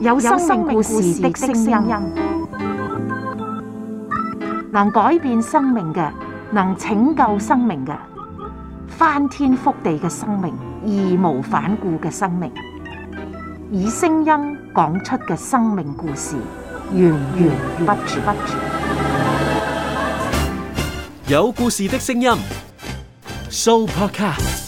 有生命故事的聲音，能改變生命嘅，能拯救生命嘅，翻天覆地嘅生命，義無反顧嘅生命，以聲音講出嘅生命故事，源源不絕。有故事的聲音，Soupercast。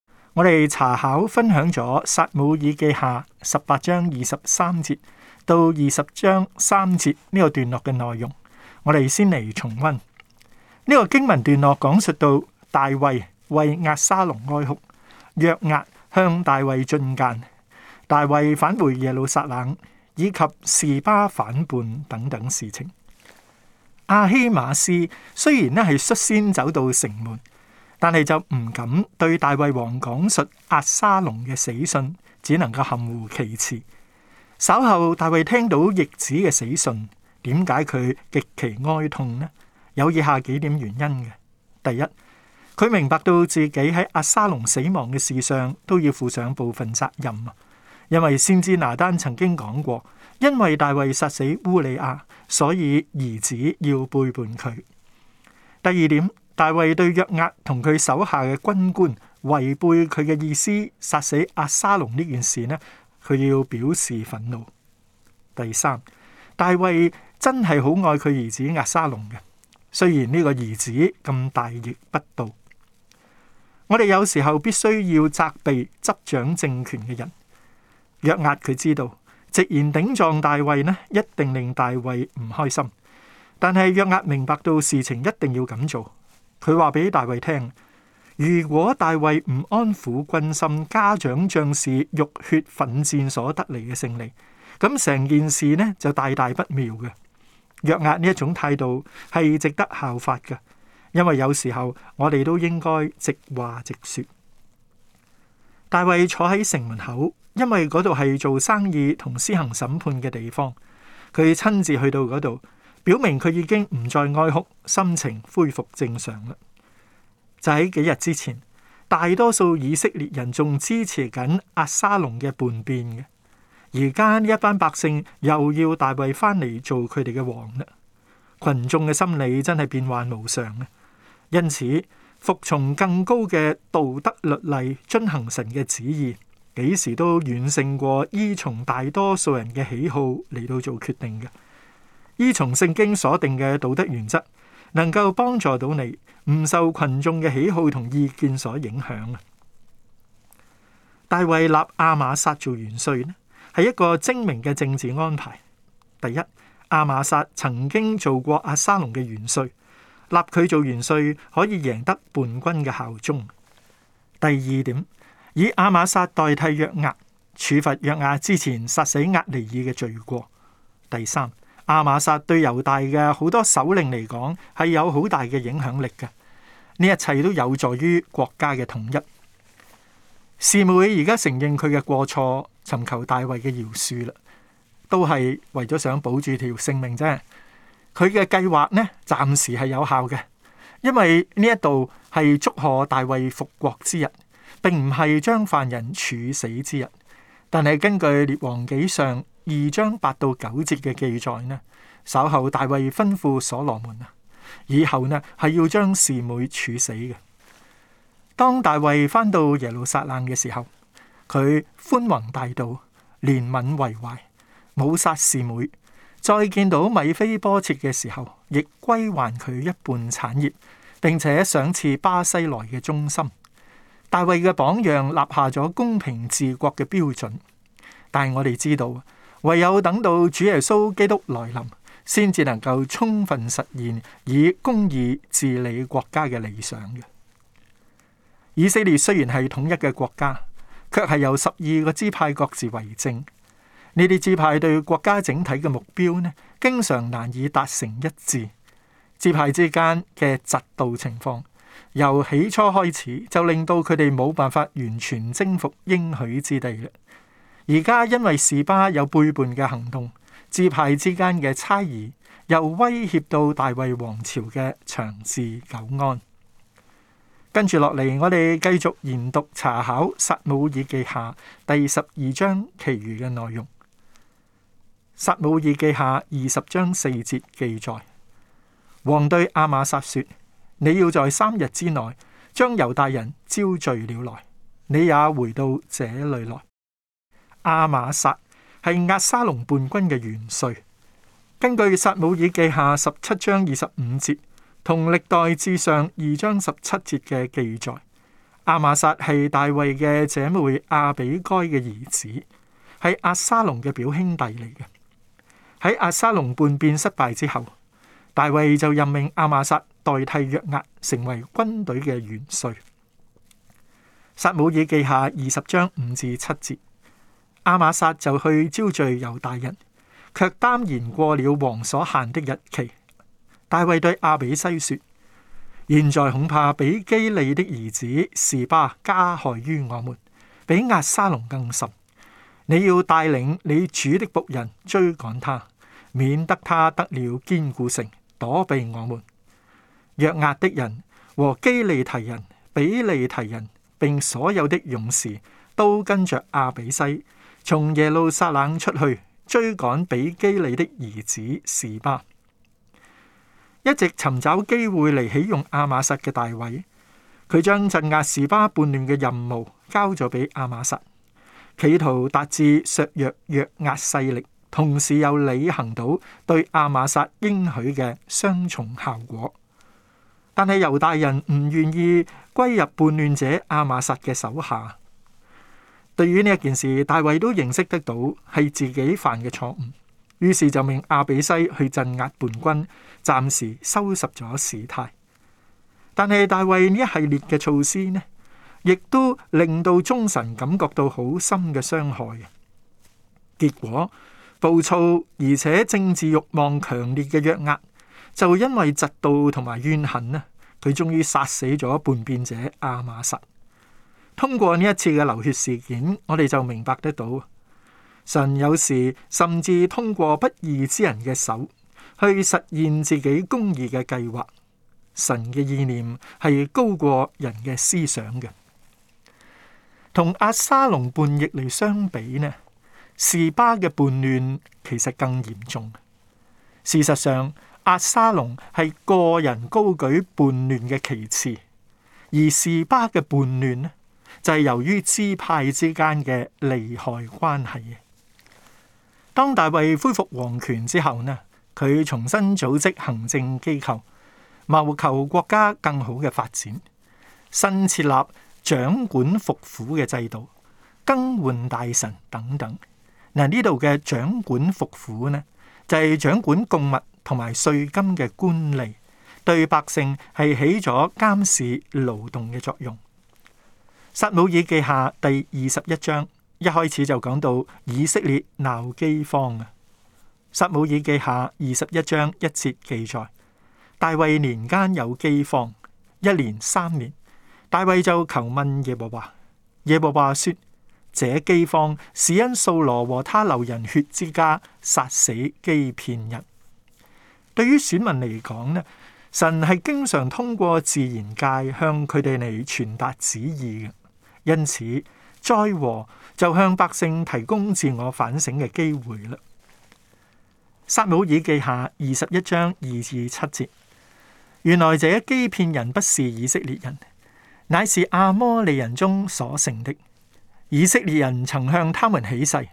我哋查考分享咗《撒母耳記下》十八章二十三節到二十章三節呢個段落嘅內容，我哋先嚟重温呢個經文段落，講述到大衛為押沙龍哀哭，約押向大衛進諫，大衛返回耶路撒冷以及示巴反叛等等事情。阿希馬斯雖然咧係率先走到城門。但係就唔敢對大衛王講述亞沙龍嘅死訊，只能夠含糊其詞。稍後大衛聽到逆子嘅死訊，點解佢極其哀痛呢？有以下幾點原因嘅：第一，佢明白到自己喺亞沙龍死亡嘅事上都要負上部分責任啊，因為先知拿單曾經講過，因為大衛殺死烏利亞，所以兒子要背叛佢。第二點。大衛對約押同佢手下嘅軍官違背佢嘅意思，殺死阿沙龍呢件事呢，佢要表示憤怒。第三，大衛真係好愛佢兒子阿沙龍嘅，雖然呢個兒子咁大逆不道。我哋有時候必須要責備執掌政權嘅人。約押佢知道，直言頂撞大衛呢，一定令大衛唔開心。但係約押明白到事情一定要咁做。佢話俾大衛聽，如果大衛唔安撫軍心、嘉獎將士、浴血奮戰所得嚟嘅勝利，咁成件事呢就大大不妙嘅。約押呢一種態度係值得效法嘅，因為有時候我哋都應該直話直說。大衛坐喺城門口，因為嗰度係做生意同施行審判嘅地方，佢親自去到嗰度，表明佢已經唔再哀哭，心情恢復正常啦。就喺幾日之前，大多數以色列人仲支持緊阿沙龍嘅叛變嘅，而家呢一班百姓又要大衛翻嚟做佢哋嘅王啦。群眾嘅心理真係變幻無常啊！因此，服從更高嘅道德律例，遵行神嘅旨意，幾時都遠勝過依從大多數人嘅喜好嚟到做決定嘅。依從聖經所定嘅道德原則，能夠幫助到你唔受群眾嘅喜好同意見所影響。大衛立阿瑪撒做元帥呢，係一個精明嘅政治安排。第一，阿瑪撒曾經做過阿沙龍嘅元帥，立佢做元帥可以贏得叛軍嘅效忠。第二點，以阿瑪撒代替約押，處罰約押之前殺死厄尼爾嘅罪過。第三。亞瑪撒對猶大嘅好多首領嚟講，係有好大嘅影響力嘅。呢一切都有助於國家嘅統一。示每而家承認佢嘅過錯，尋求大衛嘅饒恕啦，都係為咗想保住條性命啫。佢嘅計劃呢，暫時係有效嘅，因為呢一度係祝賀大衛復國之日，並唔係將犯人處死之日。但係根據列王紀上二章八到九節嘅記載呢，稍後大衛吩咐所羅門啊，以後呢係要將侍妹處死嘅。當大衛返到耶路撒冷嘅時候，佢寬宏大度，憐憫為懷，冇殺侍妹。再見到米菲波切嘅時候，亦歸還佢一半產業，並且賞賜巴西來嘅忠心。大衛嘅榜樣立下咗公平治國嘅標準，但係我哋知道，唯有等到主耶穌基督來臨，先至能夠充分實現以公義治理國家嘅理想嘅。以色列雖然係統一嘅國家，卻係由十二個支派各自為政。呢啲支派對國家整體嘅目標呢，經常難以達成一致。支派之間嘅嫉妒情況，由起初開始就令到佢哋冇辦法完全征服應許之地。而家因為士巴有背叛嘅行動，自派之間嘅猜疑，又威脅到大衛王朝嘅長治久安。跟住落嚟，我哋繼續研讀查考《撒母耳記下》第十二章其餘嘅內容。《撒母耳記下》二十章四節記載，王對阿馬撒說：你要在三日之內將猶大人招聚了來，你也回到這裏來。阿瑪撒係押沙龍叛軍嘅元帥。根據撒母耳記下十七章二十五節，同歷代志上二章十七節嘅記載，阿瑪撒係大衛嘅姐妹阿比該嘅兒子，係押沙龍嘅表兄弟嚟嘅。喺押沙龍叛變失敗之後，大衛就任命阿瑪撒代替約押成為軍隊嘅元帥。撒母耳記下二十章五至七節。阿馬撒就去招聚猶大人，卻擔延過了王所限的日期。大衛對阿比西說：現在恐怕比基利的兒子示巴加害於我們，比押沙龍更甚。你要帶領你主的僕人追趕他，免得他得了堅固城，躲避我們。約押的人和基利提人、比利提人，並所有的勇士都跟着阿比西。從耶路撒冷出去追趕比基利的兒子示巴，一直尋找機會嚟起用亞瑪撒嘅大衛，佢將鎮壓示巴叛亂嘅任務交咗俾亞瑪撒，企圖達至削弱約押勢力，同時又履行到對亞瑪撒應許嘅雙重效果。但係猶大人唔願意歸入叛亂者亞瑪撒嘅手下。對於呢一件事，大衛都認識得到係自己犯嘅錯誤，於是就命阿比西去鎮壓叛軍，暫時收拾咗事態。但係大衛呢一系列嘅措施呢，亦都令到忠臣感覺到好深嘅傷害嘅。結果暴躁而且政治欲望強烈嘅約押，就因為嫉妒同埋怨恨呢，佢終於殺死咗叛變者阿瑪撒。通過呢一次嘅流血事件，我哋就明白得到神，有時甚至通過不義之人嘅手去實現自己公義嘅計劃。神嘅意念係高過人嘅思想嘅。同阿沙龍叛逆嚟相比呢，示巴嘅叛亂其實更嚴重。事實上，阿沙龍係個人高舉叛亂嘅旗幟，而示巴嘅叛亂就係由於支派之間嘅利害關係嘅，當大衛恢復皇權之後呢，佢重新組織行政機構，謀求國家更好嘅發展。新設立掌管服府嘅制度，更換大臣等等。嗱，呢度嘅掌管服府呢，就係、是、掌管供物同埋稅金嘅官吏，對百姓係起咗監視勞動嘅作用。撒母耳記下第二十一章一開始就講到以色列鬧饑荒啊！撒母耳記下二十一章一節記載：大衛年間有饑荒，一連三年，大衛就求問耶和華。耶和華說：這饑荒是因掃羅和他流人血之家殺死基遍人。對於選民嚟講呢，神係經常通過自然界向佢哋嚟傳達旨意嘅。因此，災禍就向百姓提供自我反省嘅機會啦。撒母耳記下二十一章二至七節，原來這欺騙人不是以色列人，乃是阿摩利人中所剩的。以色列人曾向他們起誓，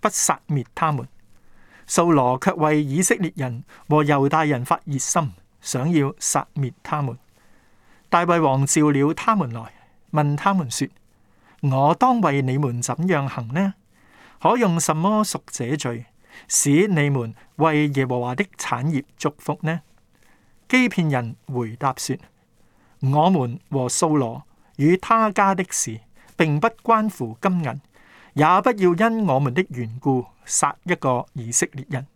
不殺滅他們。掃羅卻為以色列人和猶大人發熱心，想要殺滅他們。大衛王召了他們來，問他們說。我當為你們怎樣行呢？可用什麼贖這罪，使你們為耶和華的產業祝福呢？基遍人回答說：我們和掃羅與他家的事，並不關乎金銀，也不要因我們的緣故殺一個以色列人。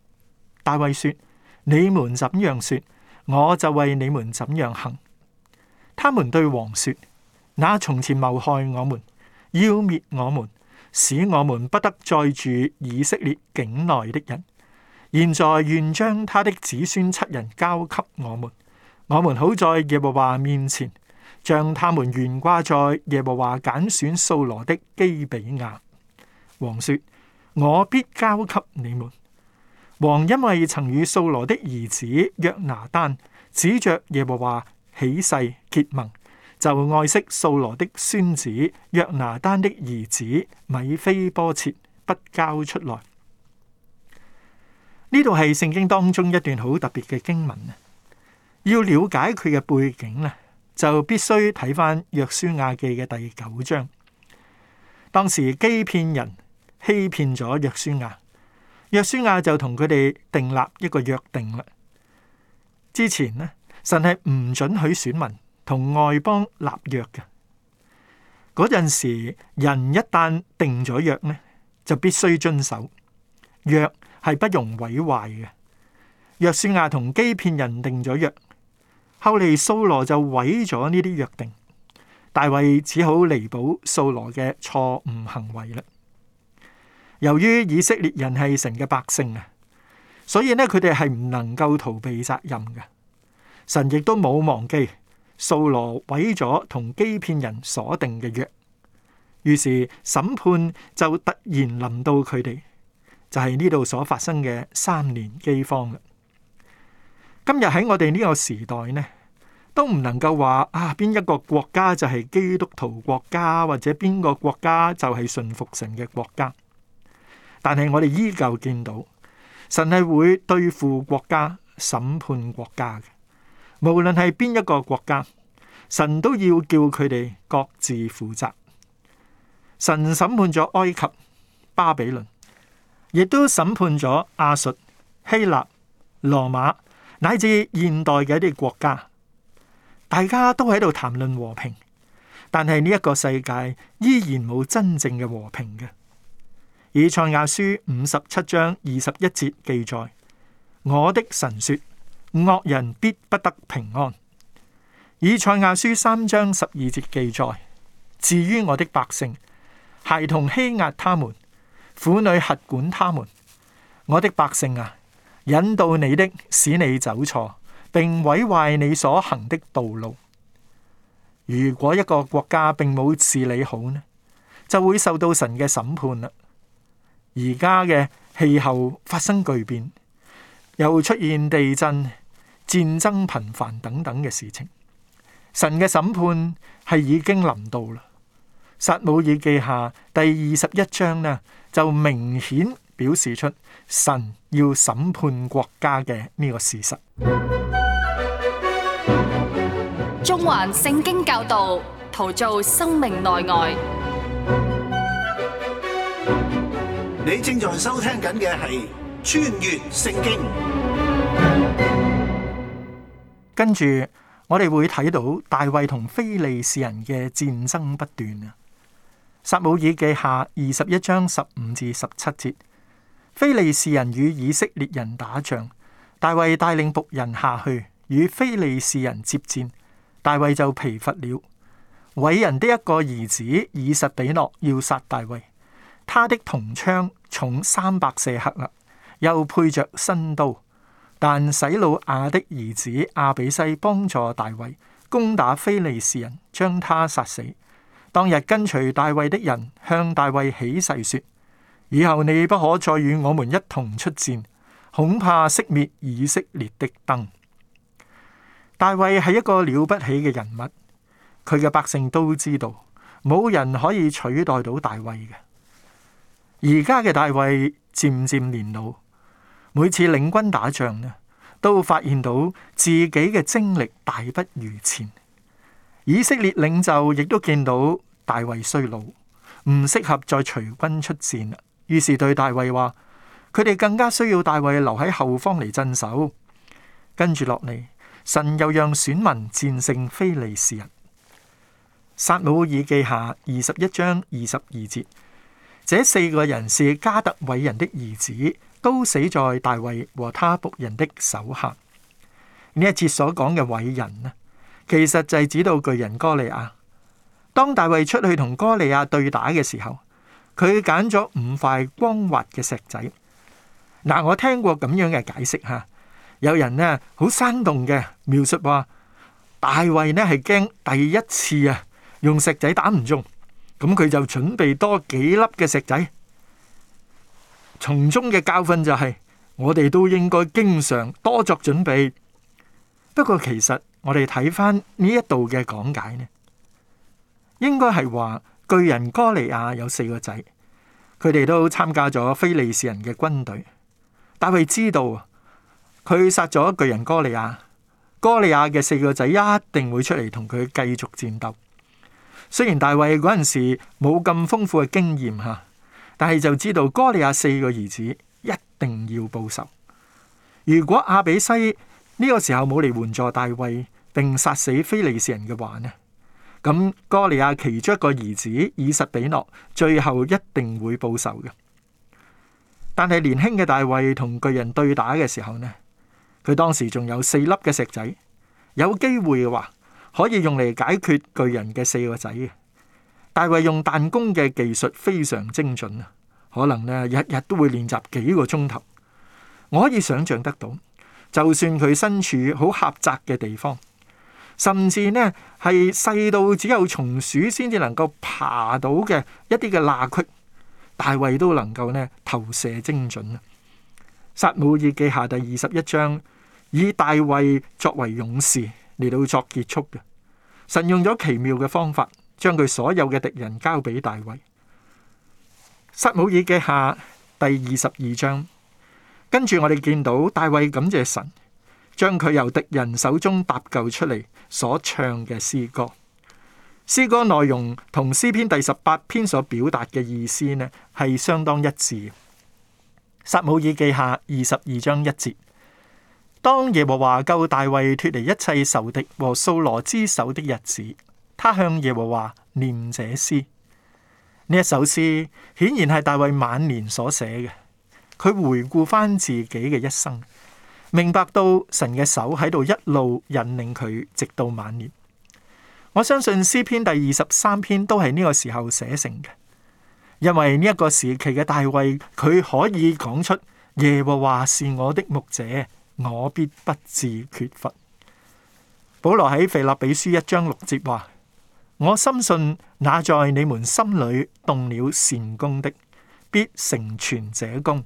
大衛說：你們怎樣說，我就為你們怎樣行。他們對王說：那從前謀害我們，要滅我們，使我們不得再住以色列境內的人。現在願將他的子孫七人交給我們，我們好在耶和華面前將他們懸掛在耶和華揀選掃羅的基比亞。王說：我必交給你們。王因為曾與掃羅的兒子約拿單指着耶和華起誓結盟。就愛惜掃羅的孫子約拿單的兒子米非波設不交出來。呢度係聖經當中一段好特別嘅經文，要了解佢嘅背景咧，就必須睇返約書亞記嘅第九章。當時基遍人欺騙咗約書亞，約書亞就同佢哋訂立一個約定啦。之前呢，神係唔准許選民。同外邦立約嘅嗰陣時，人一旦定咗約呢，就必須遵守。約係不容毀壞嘅。約書亞同欺騙人定咗約，後嚟掃羅就毀咗呢啲約定，大衛只好彌補掃羅嘅錯誤行為嘞。由於以色列人係神嘅百姓啊，所以呢，佢哋係唔能夠逃避責任嘅。神亦都冇忘記。掃羅毀咗同基遍人所定嘅約，於是審判就突然臨到佢哋，就係呢度所發生嘅三年饑荒啦。今日喺我哋呢個時代呢，都唔能夠話啊，邊一個國家就係基督徒國家，或者邊個國家就係信服神嘅國家。但係我哋依舊見到神係會對付國家、審判國家無論係邊一個國家，神都要叫佢哋各自負責。神審判咗埃及、巴比倫，亦都審判咗亞述、希臘、羅馬，乃至現代嘅一啲國家。大家都喺度談論和平，但係呢一個世界依然冇真正嘅和平嘅。以賽亞書五十七章二十一節記載：我的神說。惡人必不得平安。以賽亞書三章十二節記載：至於我的百姓，孩童欺壓他們，婦女轄管他們。我的百姓啊，引導你的使你走錯，並毀壞你所行的道路。如果一個國家並冇治理好呢，就會受到神嘅審判啦。而家嘅氣候發生巨變，又出現地震，戰爭頻繁等等嘅事情，神嘅審判係已經臨到啦。撒母耳記下第二十一章呢，就明顯表示出神要審判國家嘅呢個事實。中環聖經教導，陶造生命內外。你正在收聽緊嘅係穿越聖經。跟住，我哋會睇到大衛同非利士人嘅戰爭不斷啊。撒母耳記下二十一章十五至十七節，非利士人與以色列人打仗，大衛帶領僕人下去與非利士人接戰，大衛就疲乏了。偉人的一個兒子以實比諾要殺大衛，他的銅槍重三百舍客勒，又配着新刀。但洗魯雅的兒子亞比篩幫助大衛攻打非利士人，將他殺死。當日跟隨大衛的人向大衛起誓說：以後你不可再與我們一同出戰，恐怕熄滅以色列的燈。大衛係一個了不起嘅人物，佢嘅百姓都知道，冇人可以取代到大衛嘅。而家嘅大衛漸漸年老。每次領軍打仗呢，都發現到自己嘅精力大不如前。以色列領袖亦都見到大衛衰老，唔適合再隨軍出戰啦。於是對大衛話，佢哋更加需要大衛留喺後方嚟鎮守。跟住落嚟，神又讓選民戰勝非利士人。撒母耳記下二十一章二十二節，這四個人是加特偉人的兒子。都死在大衛和他僕人的手下。呢一次所講嘅偉人呢，其實就係指到巨人哥利亞。當大衛出去同哥利亞對打嘅時候，佢揀咗五塊光滑嘅石仔。嗱，我聽過咁樣嘅解釋吓，有人呢好生動嘅描述話，大衛呢係驚第一次啊用石仔打唔中，咁佢就準備多幾粒嘅石仔。從中嘅教訓就係，我哋都應該經常多作準備。不過其實我哋睇翻呢一度嘅講解咧，應該係話巨人哥利亞有四個仔，佢哋都參加咗非利士人嘅軍隊。大衛知道，佢殺咗巨人哥利亞，哥利亞嘅四個仔一定會出嚟同佢繼續戰鬥。雖然大衛嗰陣時冇咁豐富嘅經驗吓。但係就知道哥利亞四個兒子一定要報仇。如果阿比西呢個時候冇嚟援助大衛，並殺死非利士人嘅話呢？咁哥利亞其中一個兒子以實比諾，最後一定會報仇嘅。但係年輕嘅大衛同巨人對打嘅時候呢？佢當時仲有四粒嘅石仔，有機會嘅話可以用嚟解決巨人嘅四個仔嘅。大衛用彈弓嘅技術非常精準啊！可能咧，日日都會練習幾個鐘頭，我可以想像得到。就算佢身處好狹窄嘅地方，甚至呢係細到只有松鼠先至能夠爬到嘅一啲嘅罅隙，大衛都能夠呢投射精準。啊！撒母耳記下第二十一章，以大衛作為勇士嚟到作結束嘅。神用咗奇妙嘅方法，將佢所有嘅敵人交俾大衛。撒母耳記下第二十二章，跟住我哋見到大衛感謝神，將佢由敵人手中搭救出嚟所唱嘅詩歌。詩歌內容同詩篇第十八篇所表達嘅意思呢，係相當一致。撒母耳記下二十二章一節，當耶和華救大衛脫離一切仇敵和掃羅之手的日子，他向耶和華念這詩。呢一首詩顯然係大衛晚年所寫嘅，佢回顧翻自己嘅一生，明白到神嘅手喺度一路引領佢直到晚年。我相信詩篇第二十三篇都係呢個時候寫成嘅，因為呢一個時期嘅大衛，佢可以講出耶和華是我的牧者，我必不至缺乏。保羅喺腓立比書一章六節話。我深信那在你們心裏動了善工的，必成全這工，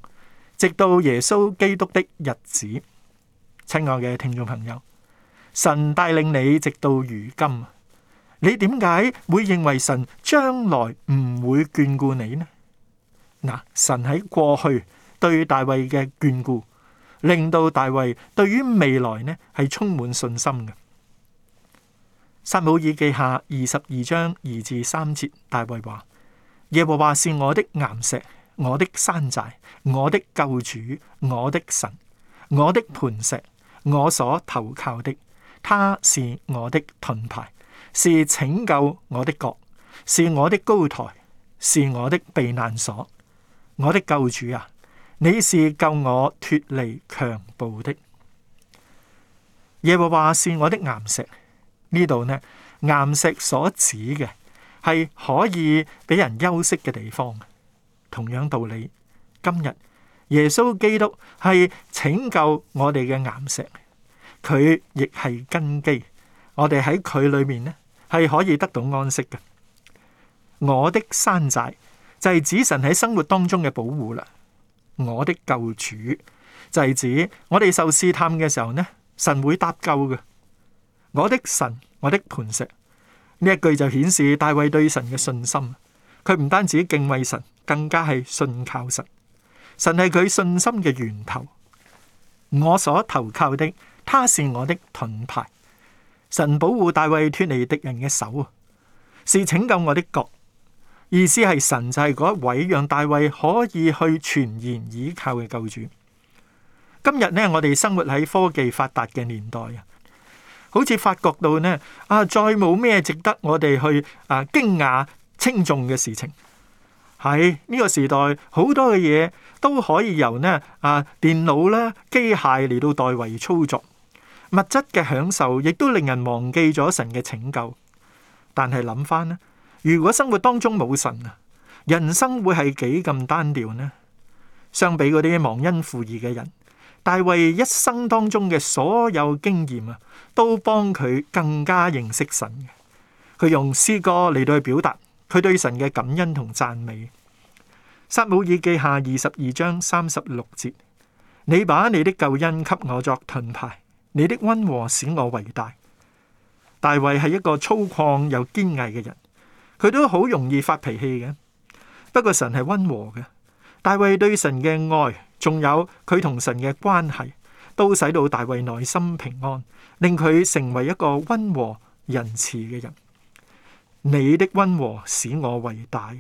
直到耶穌基督的日子。親愛嘅聽眾朋友，神帶領你直到如今，你點解會認為神將來唔會眷顧你呢？嗱，神喺過去對大衛嘅眷顧，令到大衛對於未來呢係充滿信心嘅。撒母耳記下二十二章二至三節，大衛話：耶和華是我的岩石，我的山寨，我的救主，我的神，我的磐石，我所投靠的。他是我的盾牌，是拯救我的國，是我的高台，是我的避難所。我的救主啊，你是救我脱離強暴的。耶和華是我的岩石。呢度呢，岩石所指嘅係可以俾人休息嘅地方。同樣道理，今日耶穌基督係拯救我哋嘅岩石，佢亦係根基。我哋喺佢裏面呢，係可以得到安息嘅。我的山寨就係、是、指神喺生活當中嘅保護啦。我的救主就係、是、指我哋受試探嘅時候呢，神會搭救嘅。我的神，我的磐石，呢一句就顯示大衛對神嘅信心。佢唔單止敬畏神，更加係信靠神。神係佢信心嘅源頭。我所投靠的，他是我的盾牌。神保護大衛脫離敵人嘅手，是拯救我的角。意思係神就係嗰一位，讓大衛可以去全然倚靠嘅救主。今日呢，我哋生活喺科技發達嘅年代啊。好似發覺到呢，啊，再冇咩值得我哋去啊驚訝稱重嘅事情。喺呢個時代，好多嘅嘢,都可以由呢啊電腦啦、機械嚟到代為操作。物質嘅享受，亦都令人忘記咗神嘅拯救。但係諗翻呢，如果生活當中冇神啊，人生會係幾咁單調呢？相比嗰啲忘恩負義嘅人。大衛一生當中嘅所有經驗啊，都幫佢更加認識神。佢用詩歌嚟到去表達佢對神嘅感恩同讚美。撒母耳記下二十二章三十六節：你把你的救恩給我作盾牌，你的溫和使我偉大。大衛係一個粗獷又堅毅嘅人，佢都好容易發脾氣嘅。不過神係溫和嘅，大衛對神嘅愛。仲有佢同神嘅關係，都使到大衛內心平安，令佢成為一個溫和仁慈嘅人。你的溫和使我偉大。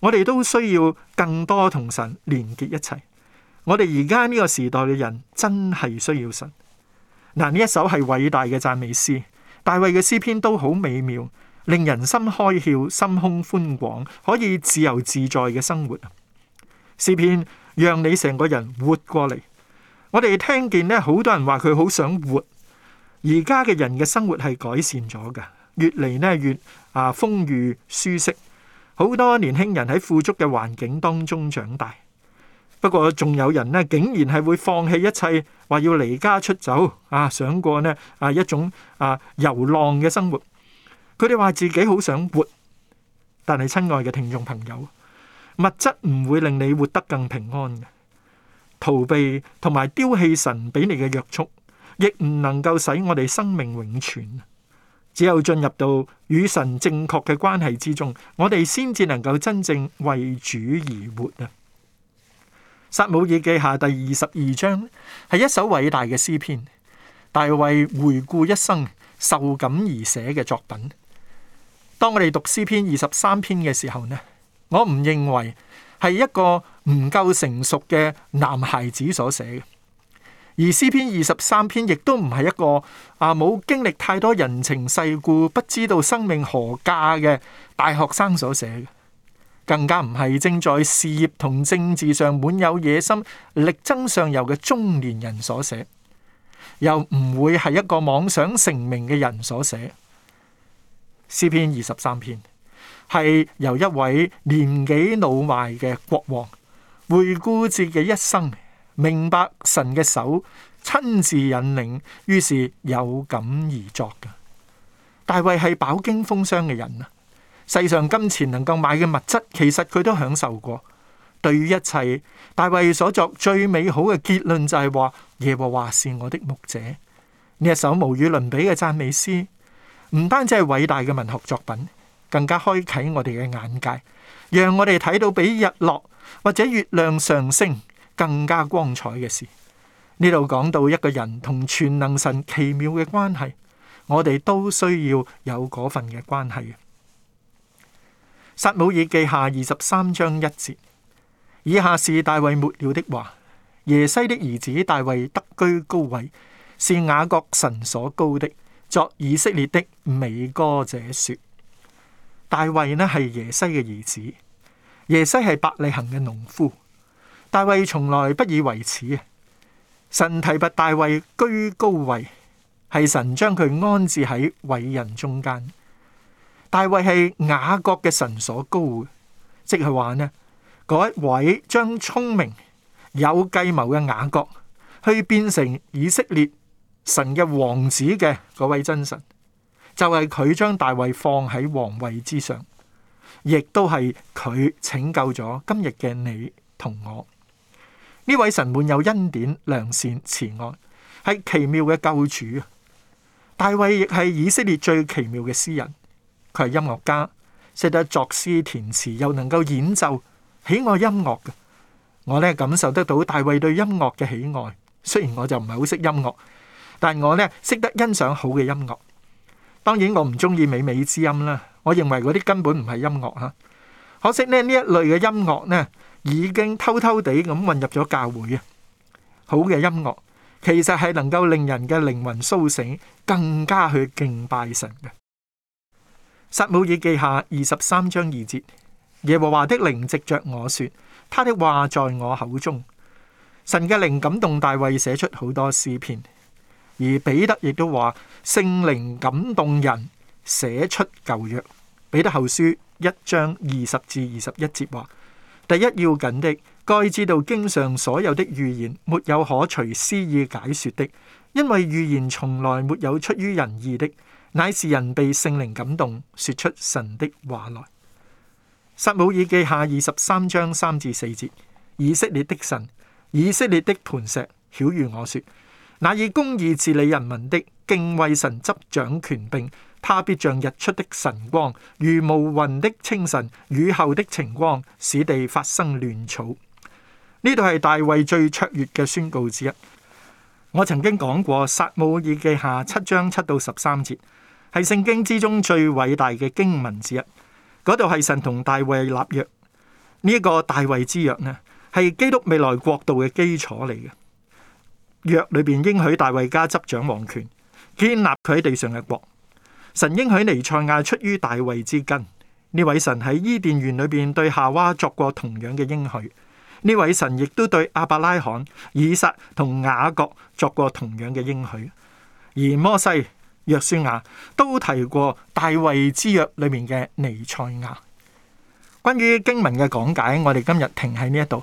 我哋都需要更多同神連結一齊。我哋而家呢個時代嘅人真係需要神。嗱，呢一首係偉大嘅讚美詩，大衛嘅詩篇都好美妙，令人心開竅，心胸寬廣，可以自由自在嘅生活。詩篇。讓你成個人活過嚟。我哋聽見咧，好多人話佢好想活。而家嘅人嘅生活係改善咗噶，越嚟呢越啊豐裕舒適。好多年輕人喺富足嘅環境當中長大。不過仲有人呢，竟然係會放棄一切，話要離家出走啊！想過呢啊一種啊遊浪嘅生活。佢哋話自己好想活，但係親愛嘅聽眾朋友。物質唔會令你活得更平安。逃避同埋丟棄神俾你嘅約束，亦唔能夠使我哋生命永存。只有進入到與神正確嘅關係之中，我哋先至能夠真正為主而活啊！撒母耳記下第二十二章係一首偉大嘅詩篇，大衛回顧一生受感而寫嘅作品。當我哋讀詩篇二十三篇嘅時候呢，我唔認為係一個唔夠成熟嘅男孩子所寫嘅，而詩篇二十三篇亦都唔係一個啊冇經歷太多人情世故、不知道生命何價嘅大學生所寫，更加唔係正在事業同政治上滿有野心、力爭上游嘅中年人所寫，又唔會係一個妄想成名嘅人所寫。詩篇二十三篇。係由一位年紀老邁嘅國王回顧自己一生，明白神嘅手親自引領，於是有感而作嘅。大衛係飽經風霜嘅人啊。世上金錢能夠買嘅物質，其實佢都享受過。對於一切，大衛所作最美好嘅結論就係話：「耶和華是我的牧者」。呢一首無與倫比嘅讚美詩，唔單止係偉大嘅文學作品。更加開啟我哋嘅眼界，讓我哋睇到比日落或者月亮上升更加光彩嘅事。呢度講到一個人同全能神奇妙嘅關係，我哋都需要有嗰份嘅關係。撒母耳記下二十三章一節，以下是大衛末了的話：耶西的兒子大衛得居高位，是雅各神所膏的，作以色列的美歌者說。大衛呢係耶西嘅兒子，耶西係伯利恒嘅農夫。大衛從來不以為恥。神提拔大衛居高位，係神將佢安置喺偉人中間。大衛係雅各嘅神所高，即係話呢嗰位將聰明有計謀嘅雅各，去變成以色列神嘅王子嘅嗰位真神。就係佢將大衛放喺皇位之上，亦都係佢拯救咗今日嘅你同我。呢位神滿有恩典、良善、慈愛，係奇妙嘅救主啊！大衛亦係以色列最奇妙嘅詩人，佢係音樂家，識得作詩填詞，又能夠演奏喜愛音樂嘅。我咧感受得到大衛對音樂嘅喜愛，雖然我就唔係好識音樂，但我咧識得欣賞好嘅音樂。當然我唔中意美美之音啦，我認為嗰啲根本唔係音樂嚇。可惜咧，呢一類嘅音樂呢，已經偷偷地咁混入咗教會啊。好嘅音樂其實係能夠令人嘅靈魂甦醒，更加去敬拜神嘅。撒母耳記下二十三章二節，耶和華的靈藉着我說，祂的話在我口中。神嘅靈感動大衛寫出好多詩篇。而彼得亦都話聖靈感動人寫出舊約。彼得後書一章二十至二十一節話：第一要緊的，該知道經上所有的預言沒有可隨私意解說的，因為預言從來沒有出於人意的，乃是人被聖靈感動，說出神的話來。撒母耳記下二十三章三至四節：以色列的神，以色列的磐石，曉諭我說。那以公義治理人民的敬畏神執掌權柄，他必像日出的晨光，如無雲的清晨，雨後的晴光，使地發生嫩草。呢度係大衛最卓越嘅宣告之一。我曾經講過《撒母耳記下》七章七到十三節，係聖經之中最偉大嘅經文之一。嗰度係神同大衛立約，呢、這、一個大衛之約呢，係基督未來國度嘅基礎嚟嘅。約裏邊應許大衛家執掌王權，建立佢喺地上嘅國。神應許彌賽亞出於大衛之根。呢位神喺伊甸園裏邊對夏娃作過同樣嘅應許。呢位神亦都對亞伯拉罕、以撒同雅各作過同樣嘅應許。而摩西、約書亞都提過大衛之約裏面嘅彌賽亞。關於經文嘅講解，我哋今日停喺呢一度。